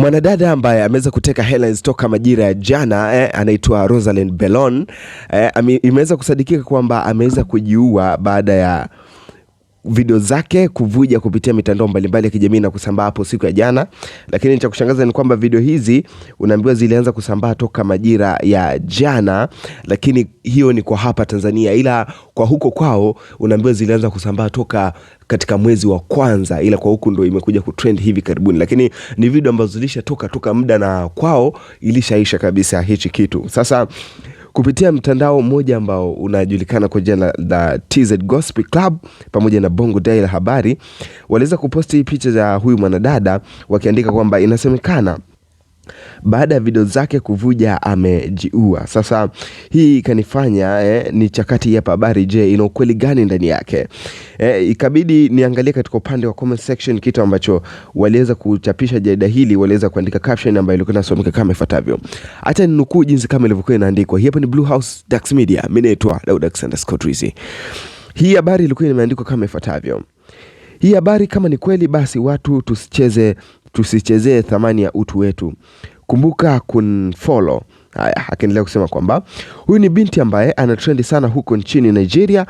Mwanadada ambaye ameweza kuteka headlines toka majira ya jana eh, anaitwa Rosalind Bellon eh, imeweza kusadikika kwamba ameweza kujiua baada ya video zake kuvuja kupitia mitandao mbalimbali ya kijamii na kusambaa hapo siku ya jana, lakini cha kushangaza ni kwamba video hizi unaambiwa zilianza kusambaa toka majira ya jana, lakini hiyo ni kwa hapa Tanzania, ila kwa huko kwao unaambiwa zilianza kusambaa toka katika mwezi wa kwanza, ila kwa huku ndo imekuja kutrend hivi karibuni, lakini ni video ambazo zilishatoka toka muda na kwao ilishaisha kabisa hichi kitu sasa kupitia mtandao mmoja ambao unajulikana kwa jina la TZ Gospel Club pamoja na Bongo Daily Habari waliweza kuposti picha za huyu mwanadada wakiandika kwamba inasemekana baada ya video zake kuvuja amejiua. Sasa hii ikanifanya eh, ni chakati hapa habari. Je, ina ukweli gani ndani yake? Eh, ikabidi niangalie katika upande wa comment section kitu ambacho waliweza kuchapisha jarida hili, waliweza kuandika caption ambayo ilikuwa inasomeka kama ifuatavyo. Acha ninukuu jinsi kama ilivyokuwa inaandikwa. Hapa ni Blue House Dax Media, mimi naitwa Daud Alexander Scott Twizy. Hii habari ilikuwa imeandikwa kama ifuatavyo. Hii habari kama ni kweli, basi watu tusicheze tusichezee thamani ya utu wetu. Kumbuka kunfollow. Haya, akiendelea kusema kwamba huyu ni binti ambaye ana trendi sana huko nchini Nigeria.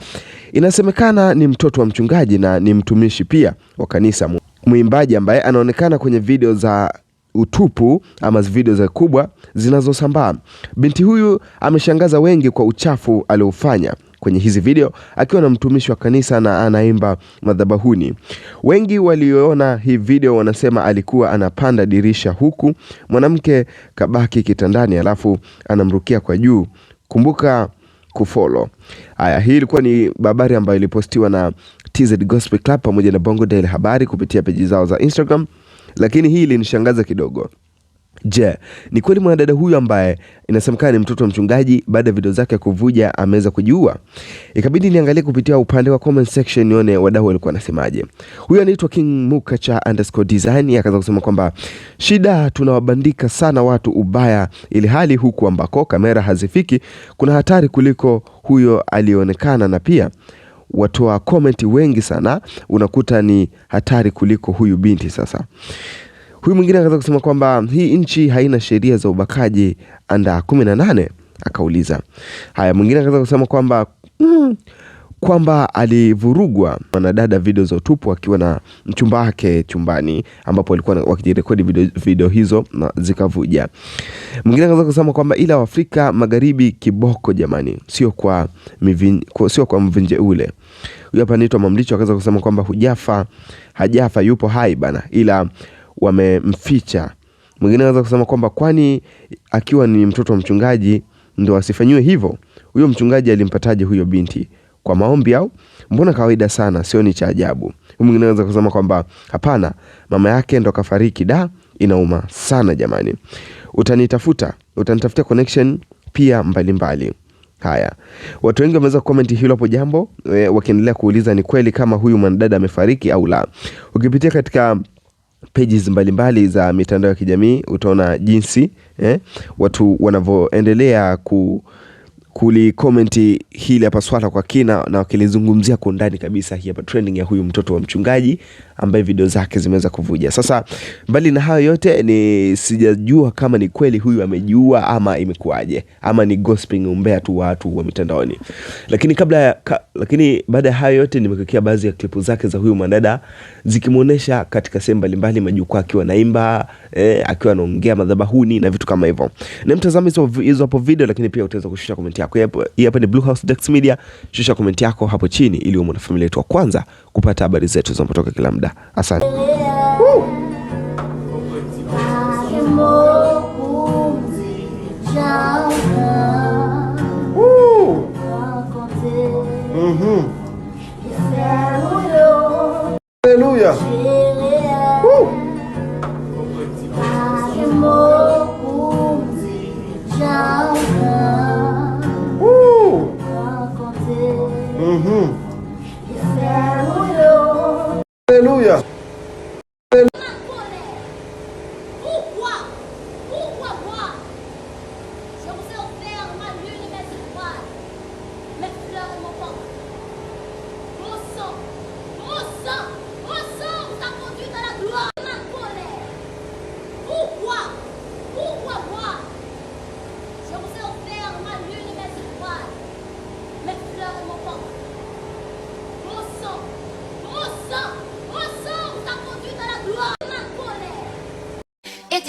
Inasemekana ni mtoto wa mchungaji na ni mtumishi pia wa kanisa, mwimbaji ambaye anaonekana kwenye video za utupu ama video za kubwa zinazosambaa. Binti huyu ameshangaza wengi kwa uchafu aliofanya kwenye hizi video akiwa na mtumishi wa kanisa na anaimba madhabahuni. Wengi walioona hii video wanasema alikuwa anapanda dirisha huku mwanamke kabaki kitandani, alafu anamrukia kwa juu. Kumbuka kufollow. Haya, hii ilikuwa ni habari ambayo ilipostiwa na TZ Gospel Club pamoja na Bongo Daily Habari kupitia peji zao za Instagram, lakini hii ilinishangaza kidogo. Je, ni kweli mwanadada huyu ambaye inasemekana ni mtoto wa mchungaji baada ya video zake kuvuja ameweza kujiua? Ikabidi niangalie kupitia upande wa comment section nione wadau walikuwa wanasemaje. Huyu anaitwa King Mukacha underscore design akaanza kusema kwamba shida, tunawabandika sana watu ubaya, ili hali huku ambako kamera hazifiki kuna hatari kuliko huyo alionekana, na pia watoa comment wengi sana unakuta ni hatari kuliko huyu binti sasa Huyu mwingine akaweza kusema kwamba hii nchi haina sheria za ubakaji anda 18 akauliza. Haya, mwingine akaweza kusema kwamba mm, kwamba alivurugwa na dada video za utupu akiwa na mchumba wake chumbani ambapo walikuwa wakijirekodi video, video hizo na zikavuja. Mwingine anaweza kusema kwamba ila Afrika Magharibi kiboko jamani, sio kwa, sio kwa mvinje ule. Huyu hapa anaitwa Mamlicho akaweza kusema kwamba hujafa hajafa, yupo hai bana, ila wamemficha. Mwingine anaweza kusema kwamba kwani akiwa ni mtoto wa mchungaji ndo asifanyiwe hivyo? Huyo mchungaji alimpataje huyo binti? Kwa maombi au? Mbona kawaida sana, sio ni cha ajabu. Mwingine anaweza kusema kwamba hapana, mama yake ndo kafariki. Da, inauma sana jamani. Utanitafuta, utanitafutia connection pia mbalimbali mbali. Haya, watu wengi wameweza kukomenti hilo hapo jambo eh, wakiendelea kuuliza ni kweli kama huyu mwanadada amefariki au la. Ukipitia katika pages mbalimbali mbali za mitandao ya kijamii utaona jinsi eh, watu wanavyoendelea ku kulikomenti hili hapa swala kwa kina na wakilizungumzia kwa undani kabisa. Hii hapa trending ya huyu mtoto wa mchungaji ambaye video zake zimeweza kuvuja. Sasa mbali na hayo yote, ni sijajua kama ni kweli huyu amejiua ama imekuwaje, ama ni gossiping, umbea tu watu wa mitandaoni. Lakini kabla ya ka, lakini baada ya hayo yote, nimekuekea baadhi ya klipu zake za huyu mwanadada zikimuonesha katika sehemu mbalimbali, majukwaa akiwa naimba eh, akiwa anaongea madhabahuni na vitu kama hivyo. Na mtazame hizo hapo video, lakini pia utaweza kushusha comment komenti yako. Hii hapa ni Blue House Dax Media. Shusha komenti yako hapo chini ili uwe mwanafamilia yetu wa kwanza kupata habari zetu zinapotoka kila muda. Asante.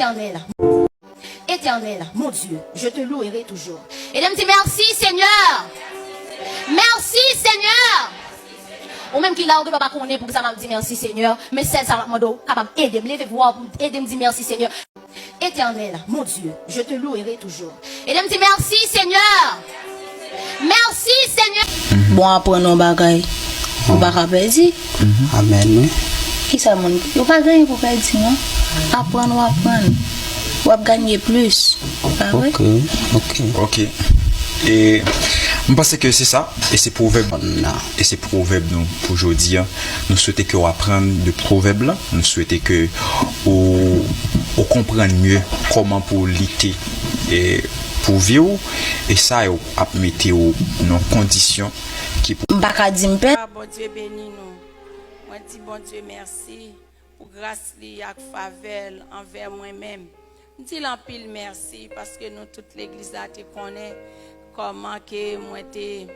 Éternel, éternel, mon Dieu, je te louerai toujours. Et je me merci Seigneur. Merci Seigneur. Ou même qu'il a ou pas qu'on est pour ça m'a dit merci Seigneur, mais c'est ça m'a capable et me lever voir oh, pour aider me dire merci Seigneur. Éternel, mon Dieu, je te louerai toujours. Et je me merci Seigneur. Merci Seigneur. Bon après non bagaille. On va rappeler. Mm-hmm. Amen. Ki sa moun? Yo pa genye pou pe di nan? Apan ou apan? Ou ap genye plus? Ah, ok, ok, ok. E, mpase ke se sa, e se pou veb nan la, e se pou veb nou pou jodi an, nou souwete ke ou apren de pou veb la, nou souwete ke ou ou kompren mye koman pou lite, e pou vie ou, e sa e ou ap mete ou nou kondisyon ki pou mpaka di mpe, mpaka di mpe je dis bon Dieu merci pour Grâce li ak favel envers moi-même. Mwen di lan pil mersi paske nou tout l'Eglise l'Église te connaît comment que moi te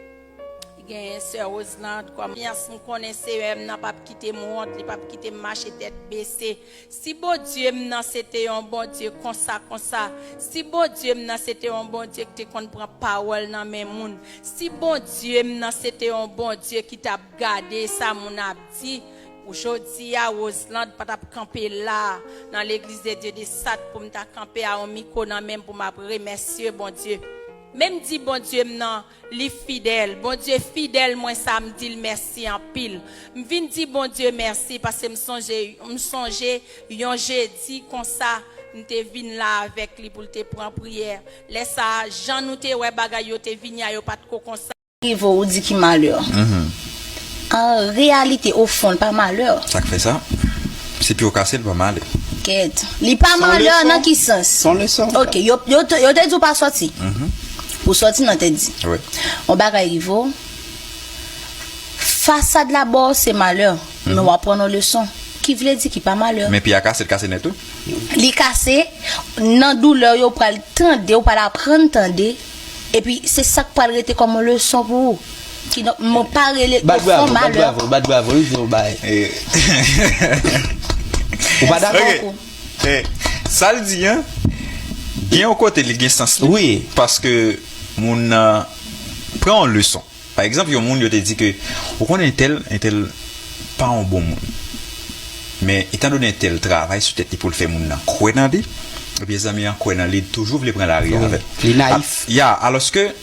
gen sè oz nan, kwa mwen connaissait, konen n'a pas quitté pap kite mwant, li pap kite mache tête baissée. Si bon Dieu, mnan se c'était un bon ça, konsa ça. si bon Dieu, mnan se c'était un bon Dieu qui te comprend parole dans nan monde si bon Dieu, mnan se c'était un bon Dieu qui t'a gardé, ça, mon abdi. Aujourd'hui, à Osland, pas t'a camper là, dans l'église de Dieu de Sat, pour me camper à un micro, dans même pour me remercier, bon Dieu. Même dit bon Dieu maintenant, li fidèle. Bon Dieu fidèle, moi ça me dit merci en pile. M'vin dit bon Dieu merci parce que me songeais, me songeais, yon jeudi comme ça, m'te vinn là avec lui pour te prendre prière. Laisse ça, Jean nous te ouais bagay yo te vin yo pas de comme ça. Il ou dit qui malheur. Mm-hmm. En réalité au fond pas malheur. Ça fait ça. C'est plus au casser pas mal. Quête. Li pas malheur dans qui sens? Son sens. OK, yo yo te, yo te pas sorti. Mm-hmm pour sortir t'a dit. dit. Oui. On arriver à de la bosse c'est malheur mm -hmm. prendre une qui qui voulait dire qu'il pas malheur. Mais à a cassé net tout. Les cassé, non douleur yo le il tende, leçon pour non, Qui leçon pour fon maleur. bad bravo, Bad bravo, li di nou baye. Ou pa eh, Ça le dit hein? Bien moun euh, prend en leçon. Par exemple, il y a qui te dit que on est tel, tel pas un bon monde. Mais étant donné tel travail sur tête pour le faire moun en croire dans lui, et eh amis en croire dans lui toujours les prendre l'arrière avec. Il naïf. Ah, ya, alors que